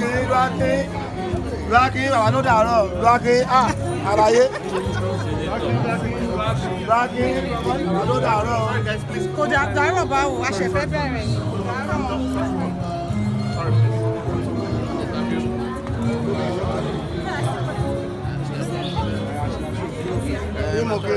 lọ́wákè lọ́wákè lọ́wákè bàbá ló dàárọ̀ lọ́wákè à àlàyé lọ́wákè bàbá ló dàárọ̀. kò dàárọ̀ báwo a ṣe fẹ́ bẹ̀rẹ̀ ni dàárọ̀ mọ́. Vimos que...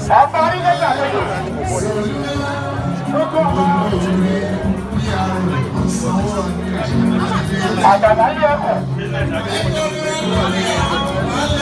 ọba orílẹ̀-èdè àlejò